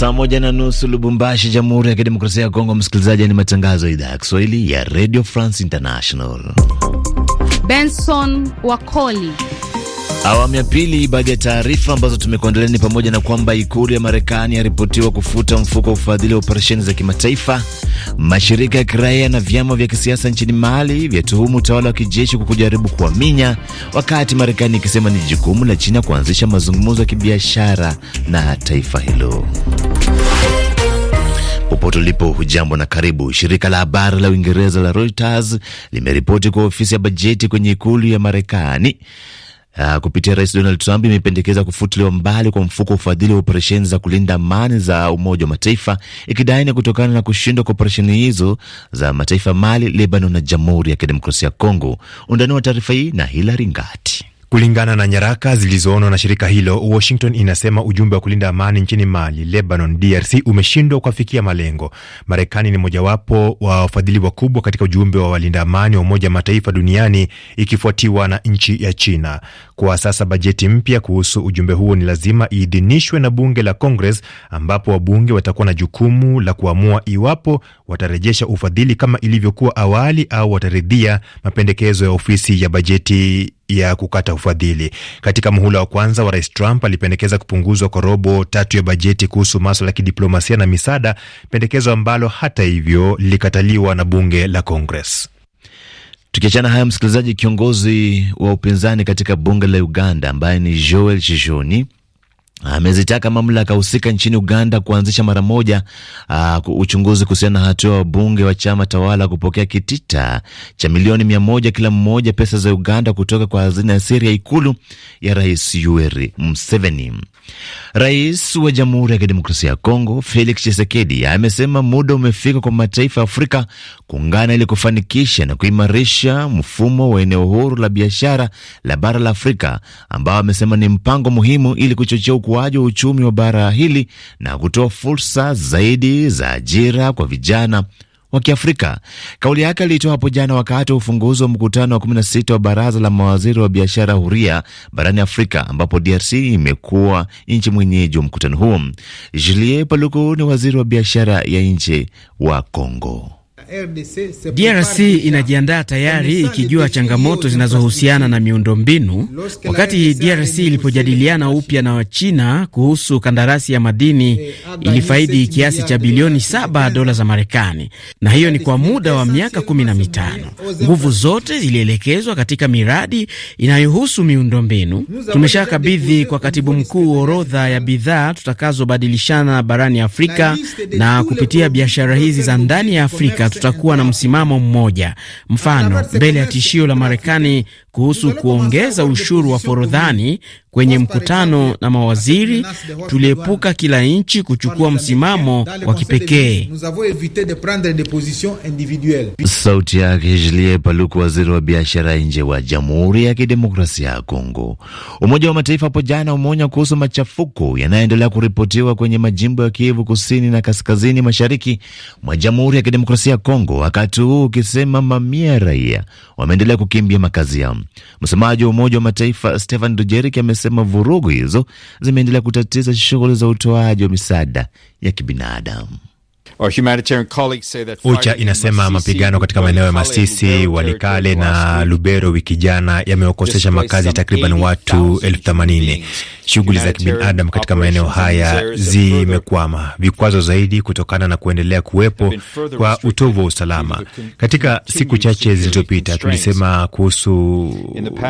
Saa moja na nusu Lubumbashi, Jamhuri ya Kidemokrasia ya Kongo. Msikilizaji, ni matangazo ya idhaa ya Kiswahili ya Radio France International. Benson Wakoli Awamu ya pili. Baadhi ya taarifa ambazo tumekuandalia ni pamoja na kwamba ikulu ya Marekani yaripotiwa kufuta mfuko wa ufadhili wa operesheni za kimataifa. Mashirika ya kiraia na vyama vya kisiasa nchini Mali vyatuhumu utawala wa kijeshi kwa kujaribu kuaminya wakati Marekani ikisema ni jukumu la China kuanzisha mazungumzo ya kibiashara na taifa hilo. Popote ulipo, hujambo na karibu. Shirika la habari la Uingereza la Reuters limeripoti kwa ofisi ya bajeti kwenye ikulu ya Marekani Uh, kupitia Rais Donald Trump imependekeza kufutiliwa mbali kwa mfuko wa ufadhili wa operesheni za kulinda amani za Umoja wa Mataifa, ikidai ni kutokana na kushindwa kwa operesheni hizo za mataifa Mali, Lebanon na Jamhuri ya Kidemokrasia ya Kongo. Undani wa taarifa hii na Hilari Ngati. Kulingana na nyaraka zilizoonwa na shirika hilo, Washington inasema ujumbe wa kulinda amani nchini Mali, Lebanon, DRC umeshindwa kuafikia malengo. Marekani ni mojawapo wa wafadhili wakubwa katika ujumbe wa walinda amani wa Umoja Mataifa duniani ikifuatiwa na nchi ya China. Kwa sasa bajeti mpya kuhusu ujumbe huo ni lazima iidhinishwe na bunge la Congress, ambapo wabunge watakuwa na jukumu la kuamua iwapo watarejesha ufadhili kama ilivyokuwa awali au wataridhia mapendekezo ya ofisi ya bajeti ya kukata ufadhili. Katika muhula wa kwanza wa Rais Trump alipendekeza kupunguzwa kwa robo tatu ya bajeti kuhusu maswala ya kidiplomasia na misaada, pendekezo ambalo hata hivyo lilikataliwa na bunge la Congress. Tukiachana haya, msikilizaji, kiongozi wa upinzani katika bunge la Uganda ambaye ni Joel Chishoni amezitaka mamlaka husika nchini Uganda kuanzisha mara moja uh, uchunguzi kuhusiana na hatua wa bunge wa chama tawala kupokea kitita cha milioni mia moja kila mmoja pesa za Uganda kutoka kwa hazina ya siri ya ikulu ya Rais Yoweri Museveni. Rais wa Jamhuri ya Kidemokrasia ya Kongo Felix Tshisekedi amesema muda umefika kwa mataifa ya Afrika kuungana ili kufanikisha na kuimarisha mfumo wa eneo huru la biashara la bara la Afrika, ambao amesema ni mpango muhimu ili kuchochea ukuaji wa uchumi wa bara hili na kutoa fursa zaidi za ajira kwa vijana wa Kiafrika. Kauli yake aliitoa hapo jana wakati wa ufunguzi wa mkutano wa 16 wa baraza la mawaziri wa biashara huria barani Afrika, ambapo DRC imekuwa nchi mwenyeji wa mkutano huo. Julie Paluku ni waziri wa biashara ya nchi wa congo DRC inajiandaa tayari ikijua changamoto zinazohusiana na miundombinu. Wakati DRC ilipojadiliana upya na Wachina kuhusu kandarasi ya madini ilifaidi kiasi cha bilioni saba dola za Marekani, na hiyo ni kwa muda wa miaka kumi na mitano. Nguvu zote zilielekezwa katika miradi inayohusu miundombinu. Tumeshakabidhi kwa katibu mkuu orodha ya bidhaa tutakazobadilishana barani Afrika na kupitia biashara hizi za ndani ya Afrika tutakuwa na msimamo mmoja. Mfano, mbele ya tishio la Marekani kuhusu kuongeza ushuru wa forodhani kwenye mkutano na mawaziri, tuliepuka kila nchi kuchukua msimamo wa kipekee. Sauti yake Julie Paluku, waziri wa biashara nje wa Jamhuri ya Kidemokrasia ya Kongo. Umoja wa Mataifa hapo jana umeonya kuhusu machafuko yanayoendelea kuripotiwa kwenye majimbo ya Kivu kusini na kaskazini mashariki mwa Jamhuri ya Kidemokrasia ya Kongo, wakati huu ukisema mamia ya raia wameendelea kukimbia makazi yao. Msemaji wa Umoja wa Mataifa stehan Dujerik amesema vurugu hizo zimeendelea kutatiza shughuli za utoaji wa misaada ya kibinadamu. Ucha inasema mapigano katika maeneo ya Masisi, Walikale na Lubero wiki jana yamewakosesha makazi takriban watu elfu themanini. Shughuli za kibinadamu katika maeneo haya zimekwama, vikwazo zaidi kutokana na kuendelea kuwepo kwa utovu wa usalama. Katika siku chache zilizopita, tulisema kuhusu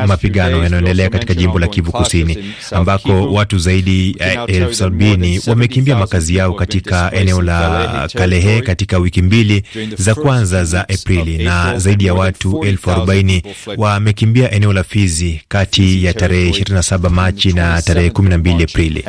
mapigano yanayoendelea katika jimbo la Kivu Kusini ambako watu zaidi elfu sabini wamekimbia makazi yao katika eneo la Kalehe katika wiki mbili za kwanza za Aprili, na zaidi ya watu elfu arobaini wamekimbia eneo la Fizi kati ya tarehe 27 Machi na tarehe 12 Aprili.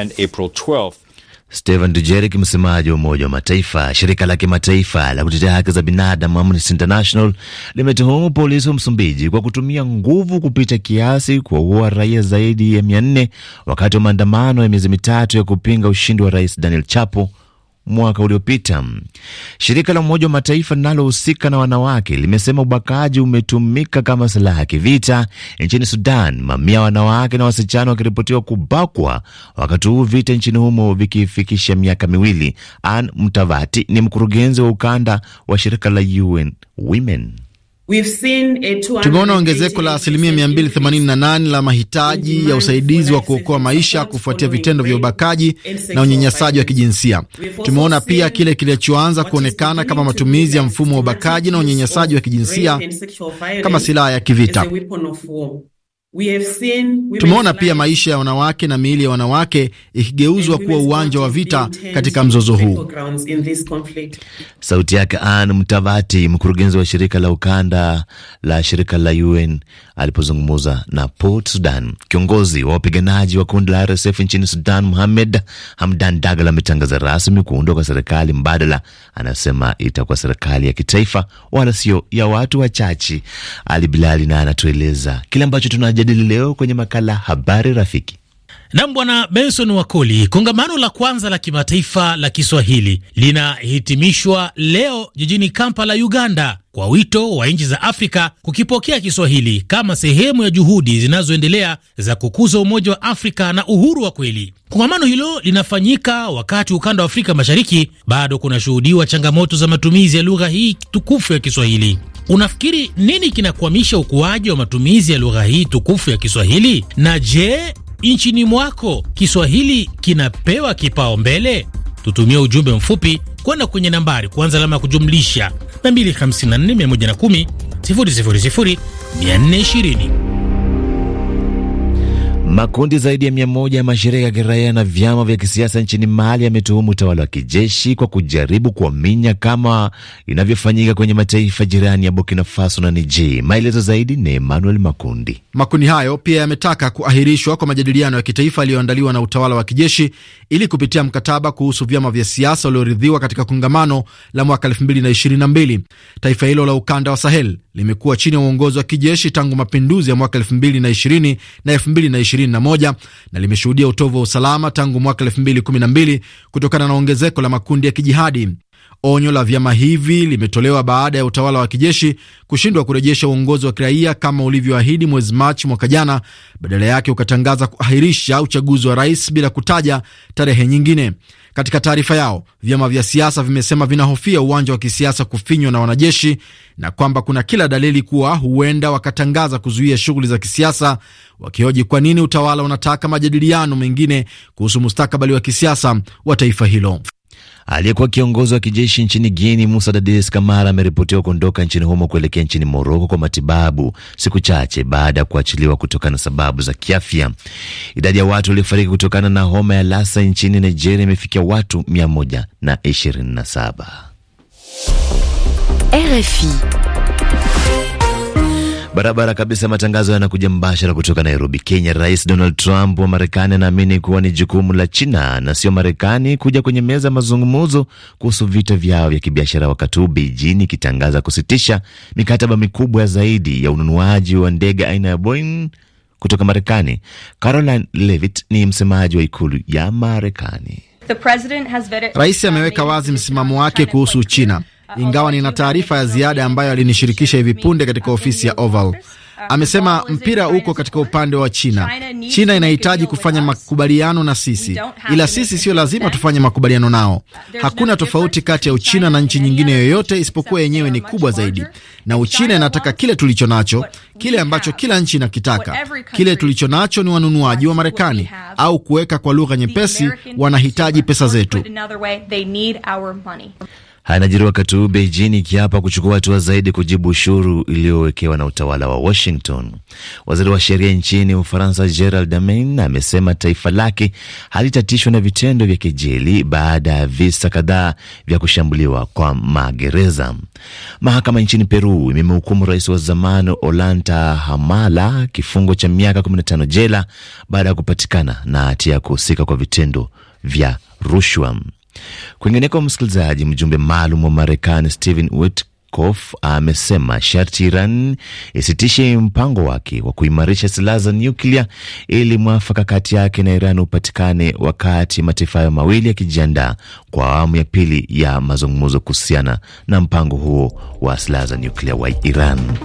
Stephen Dujerik, msemaji wa Umoja wa Mataifa. Shirika la kimataifa la kutetea haki za binadamu Amnesty International limetuhumu polisi wa Msumbiji kwa kutumia nguvu kupita kiasi kuwaua raia zaidi ya mia nne wakati wa maandamano ya miezi mitatu ya kupinga ushindi wa Rais Daniel Chapo mwaka uliopita. Shirika la Umoja wa Mataifa linalohusika na wanawake limesema ubakaji umetumika kama silaha ya kivita nchini Sudan, mamia wanawake na wasichana wakiripotiwa kubakwa, wakati huu vita nchini humo vikifikisha miaka miwili. Ann Mtavati ni mkurugenzi wa ukanda wa shirika la UN Women. Tumeona ongezeko la asilimia 288 la mahitaji ya usaidizi wa kuokoa maisha kufuatia vitendo vya ubakaji na unyanyasaji wa kijinsia. Tumeona pia kile kilichoanza kuonekana kama matumizi ya mfumo wa ubakaji na unyanyasaji wa kijinsia kama silaha ya kivita. Tumeona pia maisha ya wanawake na miili ya wanawake ikigeuzwa kuwa uwanja wa vita katika mzozo huu. Sauti yake Ann Mtavati, mkurugenzi wa shirika la ukanda la shirika la UN alipozungumza na Port Sudan. Kiongozi wa wapiganaji wa kundi la RSF nchini Sudan, Muhamed Hamdan Dagal, ametangaza rasmi kuundwa kwa serikali mbadala. Anasema itakuwa serikali ya kitaifa, wala sio ya watu wachache. Ali Bilali naye anatueleza kile ambacho tunajadili mijadili leo kwenye makala Habari Rafiki. Nam Bwana Benson Wakoli, kongamano la kwanza la kimataifa la Kiswahili linahitimishwa leo jijini Kampala, Uganda, kwa wito wa nchi za Afrika kukipokea Kiswahili kama sehemu ya juhudi zinazoendelea za kukuza umoja wa Afrika na uhuru wa kweli. Kongamano hilo linafanyika wakati ukanda wa Afrika Mashariki bado kunashuhudiwa changamoto za matumizi ya lugha hii tukufu ya Kiswahili. Unafikiri nini kinakwamisha ukuaji wa matumizi ya lugha hii tukufu ya Kiswahili? Na je, nchini mwako Kiswahili kinapewa kipao mbele Tutumie ujumbe mfupi kwenda kwenye nambari kuanza alama ya kujumlisha 254 110 000 420. Makundi zaidi ya mia moja ya mashirika ya kiraia na vyama vya kisiasa nchini Mali yametuhumu utawala wa kijeshi kwa kujaribu kuaminya kama inavyofanyika kwenye mataifa jirani ya Burkina Faso na Niger. Maelezo zaidi ni Emmanuel Makundi. Makundi hayo pia yametaka kuahirishwa kwa majadiliano ya kitaifa yaliyoandaliwa na utawala wa kijeshi ili kupitia mkataba kuhusu vyama vya siasa ulioridhiwa katika kongamano la mwaka 2022. Taifa hilo la ukanda wa Sahel limekuwa chini ya uongozi wa kijeshi tangu mapinduzi ya mwaka 2020 na 2020 21 na limeshuhudia utovu wa usalama tangu mwaka 2012 kutokana na ongezeko la makundi ya kijihadi. Onyo la vyama hivi limetolewa baada ya utawala wa kijeshi kushindwa kurejesha uongozi wa kiraia kama ulivyoahidi mwezi Machi mwaka jana, badala yake ukatangaza kuahirisha uchaguzi wa rais bila kutaja tarehe nyingine. Katika taarifa yao, vyama vya siasa vimesema vinahofia uwanja wa kisiasa kufinywa na wanajeshi na kwamba kuna kila dalili kuwa huenda wakatangaza kuzuia shughuli za kisiasa, wakihoji kwa nini utawala unataka majadiliano mengine kuhusu mustakabali wa kisiasa wa taifa hilo. Aliyekuwa kiongozi wa kijeshi nchini Guini, Musa Dadis Kamara, ameripotiwa kuondoka nchini humo kuelekea nchini Moroko kwa matibabu siku chache baada ya kuachiliwa kutokana na sababu za kiafya. Idadi ya watu waliofariki kutokana na homa ya Lassa nchini Nigeria imefikia watu 127. RFI Barabara kabisa, matangazo yanakuja mbashara kutoka Nairobi, Kenya. Rais Donald Trump wa Marekani anaamini kuwa ni jukumu la China na sio Marekani kuja kwenye meza ya mazungumzo kuhusu vita vyao vya kibiashara, wakati huu Beijing ikitangaza kusitisha mikataba mikubwa zaidi ya ununuaji wa ndege aina ya Boeing kutoka Marekani. Caroline Levitt ni msemaji wa ikulu ya Marekani. Rais ameweka wazi msimamo wake kuhusu China Uh, ingawa nina taarifa ya ziada ambayo alinishirikisha hivi punde katika ofisi ya Oval. Amesema mpira uko katika upande wa China. China inahitaji kufanya makubaliano na sisi, ila sisi sio lazima tufanye makubaliano nao. Hakuna tofauti kati ya Uchina na nchi nyingine yoyote, isipokuwa yenyewe ni kubwa zaidi, na Uchina inataka kile tulicho nacho, kile ambacho kila nchi inakitaka. Kile tulicho nacho ni wanunuaji wa Marekani, au kuweka kwa lugha nyepesi, wanahitaji pesa zetu. Hayanajiri wakati huu Beijing ikiapa kuchukua hatua zaidi kujibu ushuru iliyowekewa na utawala wa Washington. Waziri wa sheria nchini Ufaransa, Gerald Darmanin amesema taifa lake halitatishwa na vitendo vya kejeli baada ya visa kadhaa vya kushambuliwa kwa magereza. Mahakama nchini Peru imemhukumu rais wa zamani Ollanta Humala kifungo cha miaka 15 jela baada ya kupatikana na hatia ya kuhusika kwa vitendo vya rushwa. Kwingineko, msikilizaji, mjumbe maalum wa Marekani Stephen Witkoff amesema sharti Iran isitishe mpango wake wa kuimarisha silaha za nyuklia ili mwafaka kati yake na Iran upatikane, wakati mataifa hayo mawili yakijiandaa kwa awamu ya pili ya mazungumzo kuhusiana na mpango huo wa silaha za nyuklia wa Iran.